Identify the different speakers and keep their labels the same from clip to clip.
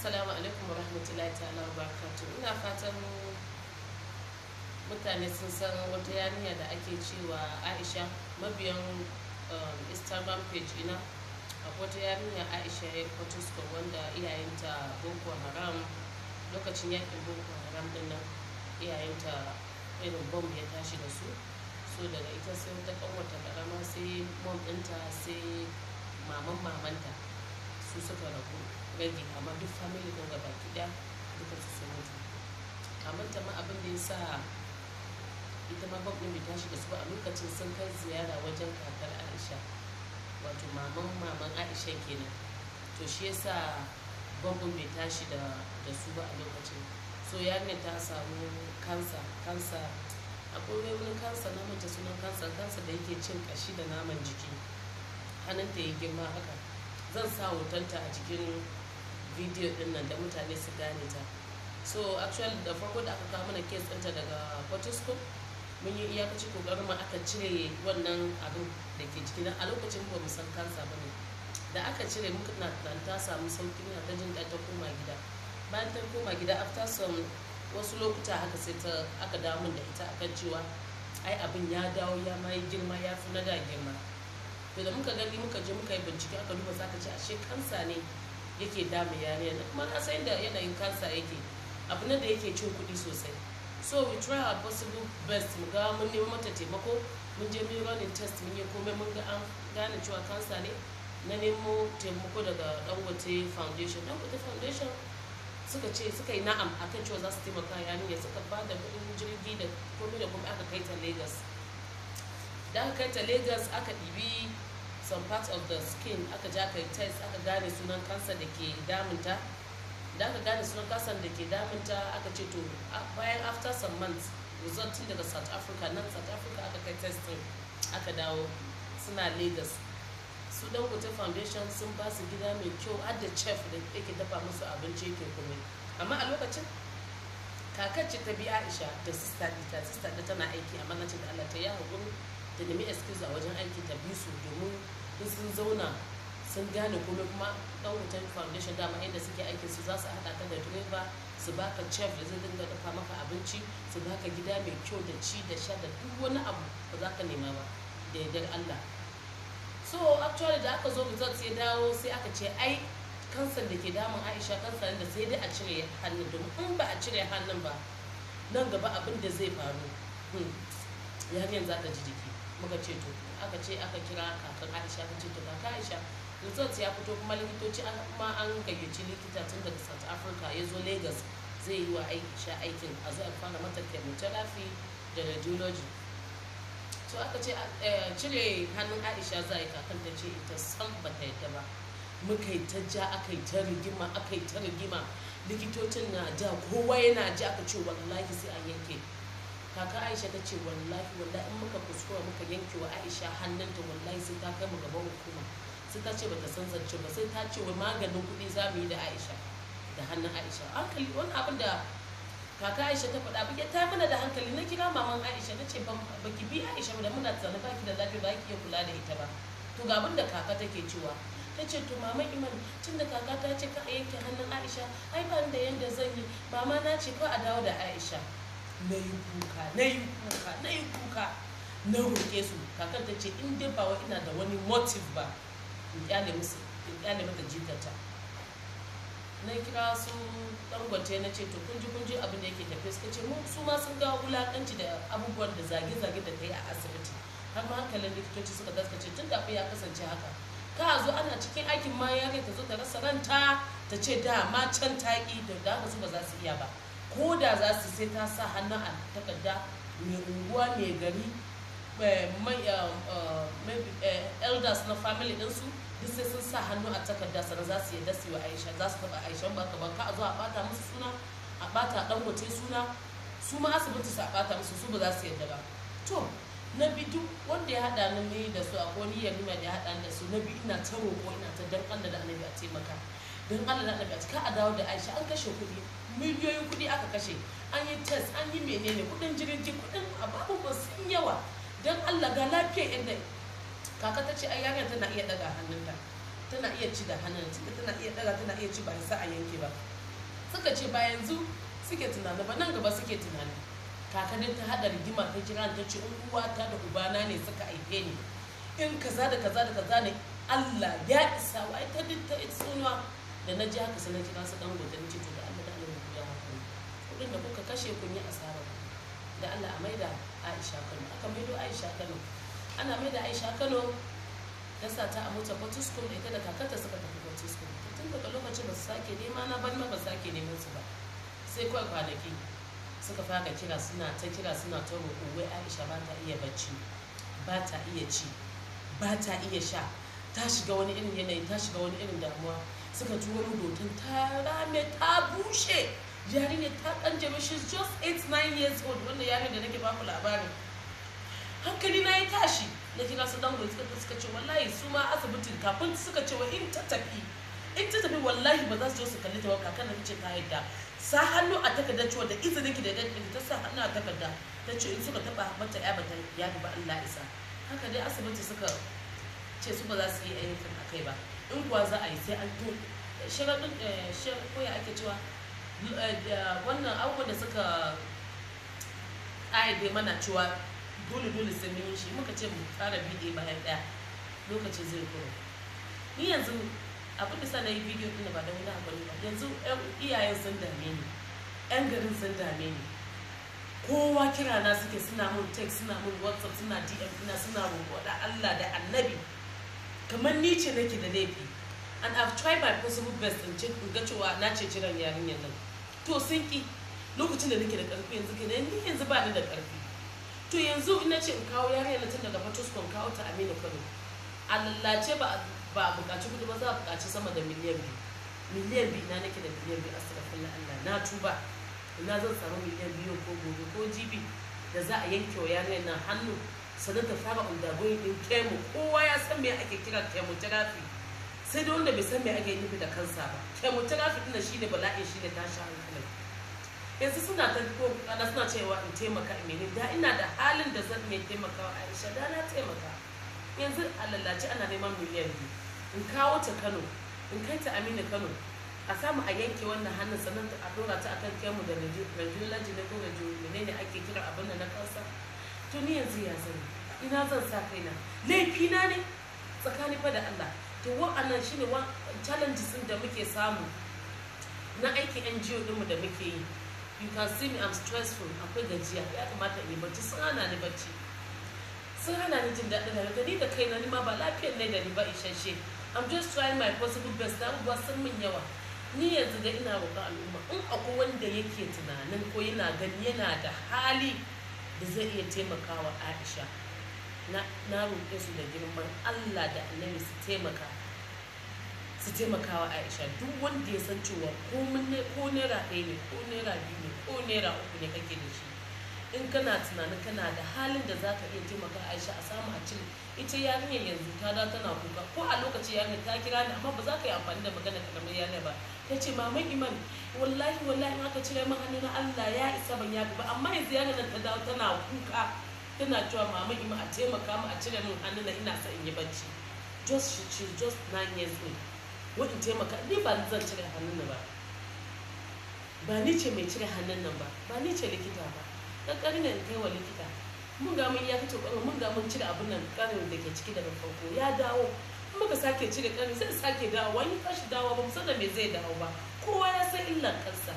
Speaker 1: assalamu alaikum wa rahmatullahi ta'ala wa barakatu ina fatan mutane sun san wata yarinya da ake cewa aisha mabiyan um, instagram page ina a wata yarinya aisha ya kwatusco wanda iyayenta boko haram lokacin yakin boko haram din nan iyayenta irin bom ya tashi da su so daga ita sai wata kanwata karama sai bom ɗinta sai maman mamanta su suka rabu rabi amma duk family din gaba da duka su sai mutu kamar ta ma abin da ya sa ita ma babu bai tashi da su ba a lokacin sun kai ziyara wajen kakar aisha wato maman maman aisha kenan to shi yasa babu bai tashi da su ba a lokacin so ne ta samu kansa kansa akwai wani kansa na mace sunan kansa kansa da yake cin kashi da naman jiki hannunta ya girma haka zan sa hotonta a jikin video din nan da mutane su gane ta so actually da farko da aka kawo mana kes dinta daga fortisco mun yi iyakaci kokarin mu aka cire wannan abin da ke ciki a lokacin ba mu san kansa bane da aka cire muka na ta samu sauki ne ta jin ta koma gida bayan ta koma gida after some wasu lokuta haka sai ta aka dawo da ita akan cewa ai abin ya dawo ya ma girma ya fi na da girma to da muka gani muka je muka yi bincike aka duba zaka ce ashe kansa ne yake dami yare na kuma na san da yanayin kansa yake abu na da yake cin kuɗi sosai so we try our possible best mu ga mun nemi mata taimako mun je mun running test mun yi komai mun ga an gane cewa kansa ne na nemo taimako daga dangote foundation dangote foundation suka ce suka yi na'am akan cewa za su taimaka yarinya suka ba da kuɗin jirgi da komai da komai aka kai ta lagos da aka kai ta lagos aka ɗibi some parts of the skin aka ja kai test aka gane sunan kansa da ke damunta da aka gane sunan kansa da ke damunta aka ce to bayan after some months result tun daga south africa nan south africa aka kai test din aka dawo suna lagos su dangote foundation sun ba su gida mai kyau har da chef da yake dafa musu abinci yake kuma amma a lokacin kakar ce ta bi aisha da sister ta sister da tana aiki amma na da allah ta yi hakuri ta nemi excuse a wajen aiki ta bi su domin in sun zauna sun gane kuma kuma ɗan wutan foundation dama inda suke aikin su za su haɗa ka da direba su baka chef da zai dinga dafa maka abinci su baka gida mai kyau da ci da sha da duk wani abu ba za ka nema ba da yardar Allah so actually da aka zo result ya dawo sai aka ce ai kansar da ke damun Aisha kansar da sai dai a cire hannun domin in ba a cire hannun ba nan gaba abin da zai faru hmm, yarinyar za ta ji jiki muka ce to aka ce aka kira kafin aisha ta ce to ta aisha result ya fito kuma likitoci kuma an gayyaci likita tun daga south africa ya zo lagos zai yi wa aisha aikin a zai fara mata chemotherapy da radiology to aka ce eh, cire hannun aisha za a yi kafin ta ce ita san ba ta yadda ba muka yi ta ja aka yi ta rigima aka yi ta rigima likitocin na ja kowa yana ja aka ce wallahi sai an yanke kaka aisha ta ce wallahi wallahi in muka kuskura muka yanke wa aisha hannunta wallahi sai ta kai mu gaban hukuma sai ta ce bata san zance ba sai ta ce wa maganin kuɗi za mu yi da aisha da hannun aisha hankali wani abin da kaka aisha ta faɗa ba ta mana da hankali na kira maman aisha na ce ba ki bi aisha ba da muna tsana ba ki da lafiya ba ki iya kula da ita ba to ga abin da kaka take cewa ta ce to mama iman tun da kaka ta ce ka a yanke hannun aisha ai ba da yanda zan yi mama na ce ko a dawo da aisha na yi kuka na yi kuka na yi kuka na roƙe su kakar ta ce in dai ba ina da wani motive ba in kyale mata jikata na kira su dangote na ce to kunji kunji abin da yake tafiya suka ce su ma sun ga wulakanci da abubuwan da zage-zage da ta yi a asibiti har ma hankalin likitoci suka ce tun da ya kasance haka ka zo ana cikin aikin ma ya ta zo ta rasa ranta ta ce da ma can taƙi da haka su ba za su iya ba ko da za su sai ta sa hannu a takarda mai unguwa mai gari eh, eh, eh, elders na family ɗinsu duk sai sun sa hannu a takarda sannan za su yadda su yi aisha za su taɓa aisha ba ka ba a zo a ɓata musu suna a ɓata ɗangote suna su ma asibiti su a ɓata musu su ba za su yadda ba to na bi duk wanda ya haɗa ni da su a ko niyyar da ya haɗa ni da su na bi ina ta roƙo ina ta dankan Allah da annabi a taimaka don allah na daga cika a dawo da aisha an kashe kuɗi miliyoyin kuɗi aka kashe an yi test an yi menene kuɗin jirgi kuɗin ko sun yawa don allah ga lafiya inda kaka ta ce ai yarinya tana iya daga hannunta tana iya ci da hannunta tana iya daga tana iya ci ba sa a yanke ba suka ce ba yanzu suke tunani ba nan gaba suke tunani kakanin ta hada rigima ta kira ta ce in ta da ubana ne suka aike ni in kaza da kaza da kaza ne Allah ya isa wa wai ta dinta da na ji haka sai na kira su dan gobe na ce da Allah da Allah ku ya hakuri kudin da kuka kashe kun yi asara da Allah a maida Aisha Kano aka maido Aisha Kano ana da Aisha Kano ta sa ta a mota Port School da ita da kakarta suka tafi Port School tun daga lokacin ba su sake nema na ban ba sake neman su ba sai kawai kwanaki suka fara kira suna ta kira suna ta roƙo wai Aisha ba ta iya bacci ba ta iya ci ba ta iya sha ta shiga wani irin yanayi ta shiga wani irin damuwa suka turo mu ta rame ta bushe yarinyar ta jami shi just eight-nine years old wanda yarinyar da nake baku labarin hankali na ya tashi na kira su dangon suka suka ce wallahi su ma asibitin kafin suka ce wa in ta tafi in ta tafi wallahi ba za su je kalli ta wa kakan da ce ta yadda sa hannu a takarda cewa da izinin ki da dadin ta sa hannu a takarda ta ce in suka taba mata ya ba ta ya ba Allah isa haka dai asibiti suka ce su ba za su yi anything akai ba in kuwa za a yi sai an to sharaɗin eh, koya ake cewa eh, wannan abubuwan da suka ayyade mana cewa dole dole sai mun yi shi muka ce mu fara bide bayan ɗaya lokaci zai kuro ni yanzu abin da sana yi bidiyo ɗin ba da wani abu ba yanzu iyayen sun dame ni yan garin sun dame ni kowa kirana suke suna mun text suna mun whatsapp suna dm suna roƙo da allah da annabi kamar ni ce nake da laifi and I've tried my possible best in ga cewa na ce jiran yarinyar nan to sun ki lokacin da nake da karfi yanzu ke ni yanzu ba ni da karfi to yanzu ina ce in kawo yarinyar tun daga kon kawo ta amina Kano a lallace ba ba bukaci kudi ba za a bukaci sama da miliyan biyu miliyan biyu na nake da miliyan biyu astaghfirullah Allah na tuba ina zan samu miliyan biyu ko gobe ko jibi da za a yanke wa yarinyar nan hannu sannan ta fara undagoyi din kemo kowa ya san me ake kira chemotherapy sai da wanda bai san me ake nufi da kansa ba chemotherapy din shine bala'in shine tashi hankali yanzu suna ta ko kana suna cewa in taimaka mene da ina da halin da zan mai taimaka wa Aisha da na taimaka yanzu a lallace ana neman miliyan biyu in kawo ta Kano in kai ta Aminu Kano a samu a yanke wannan hannun sannan a dora ta akan kemo da radiology ne ko radiology ne ake kira abin da na kansa to ni yanzu ya ina zan sa kaina laifina na ne tsakani fa da Allah to wa'annan shine wa challenges din da muke samu na aikin NGO dinmu da muke yi you can see me I'm stressful akwai gajiya ya kamata in yi bacci sun hana ni bacci sun hana ni jin daɗin rayuwa da kaina ni ma ba lafiyar ne da ni ba isasshe I'm just trying my possible best na abubuwa sun min yawa ni yanzu da ina roƙon al'umma in akwai wanda yake tunanin ko yana gani yana da hali da zai iya taimakawa aisha na roƙe su da girman allah da annabi su taimaka su taimakawa aisha duk wanda ya san cewa ko naira ɗaya ne ko naira biyu ne ko naira uku ne kake da shi in kana tunanin kana da halin da za ka iya taimaka aisha a samu a cire ita yarinyar yanzu ta da tana kuka ko a lokaci yarinyar ta kira ni amma ba za ka yi amfani da magana karamar yarinyar ba ta ce maman iman wallahi wallahi in aka cire min hannu na allah ya isa ban ya ba amma yanzu yarinyar ta dawo tana kuka tana cewa maman iman a taimaka mu a cire min hannu na ina sa in yi bacci just she she just nine years old wani taimaka ni ba zan cire hannun ba ba ni ce mai cire hannun nan ba ba ni ce likita ba ƙanƙarin nan kai wa likita mun ga mun fito ƙwarin mun ga mun cire abin nan ƙarin da ke ciki daga farko ya dawo muka sake cire ƙarin sai sake dawo wani kashi dawo ba musamman me zai dawo ba kowa ya san illar kansa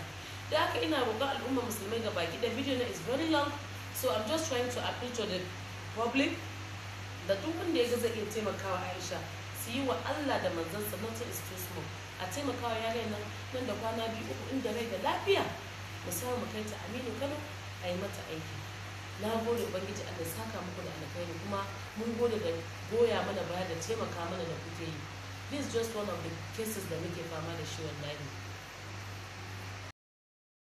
Speaker 1: da haka ina roƙon al'umma musulmai ga baki da video na is very long so i'm just trying to appeal to the public da duk wanda ya zai iya taimakawa aisha su yi wa allah da manzansa nothing is too small a taimakawa yare nan nan da kwana biyu uku inda rai da lafiya mu mu kai ta aminu kano a yi mata aiki na gode ubangiji allah saka muku da alkhairi kuma mun gode da goya mana baya da taimaka mana da kuke yi this just one of the cases da muke fama da shi wallahi